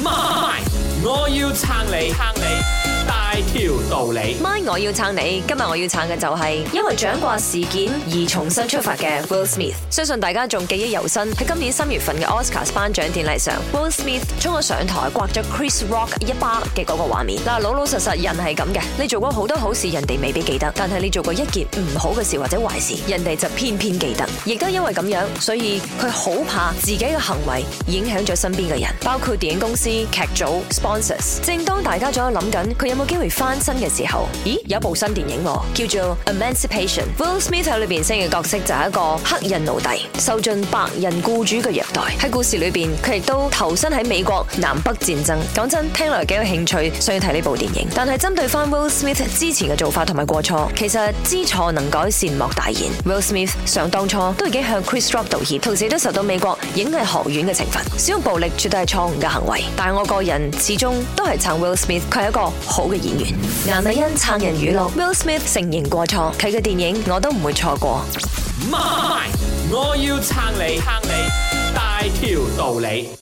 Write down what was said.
MY，我要撐你，撐你。一條道理 MY 我要撐你。今日我要撐嘅就係因為掌摑事件而重新出發嘅 Will Smith，嗯。相信大家仲記憶猶新，喺今年三月份嘅 Oscar 頒獎典禮上，Will Smith 衝咗上台，刮咗 Chris Rock 一巴嘅嗰個畫面。嗱，老老實實，人係咁嘅，你做過好多好事，人哋未必記得；但係你做過一件唔好嘅事或者壞事，人哋就偏偏記得。亦都因為咁樣，所以佢好怕自己嘅行為影響咗身邊嘅人，包括電影公司、劇組、sponsors。正當大家仲喺度諗緊佢有冇機會。翻身嘅時候，咦，有一部新電影喎，叫做《Emancipation》，Will Smith 喺裏邊飾演嘅角色就係一個黑人奴隸，受盡白人僱主嘅虐待。喺故事裏邊，佢亦都投身喺美國南北戰爭。講真，聽來有幾有興趣，想要睇呢部電影。但係針對翻 Will Smith 之前嘅做法同埋過錯，其實知錯能改善莫大焉。Will Smith 想當初都已經向 Chris Rock 道歉，同時都受到美國影藝學院嘅懲罰。使用暴力絕對係錯誤嘅行為，但係我個人始終都係撐 Will Smith，佢係一個好嘅演員。顏麗欣撐人語錄，Will Smith 承認過錯，佢嘅電影我都唔會錯過。MY，我要撐你，撐你大條道理。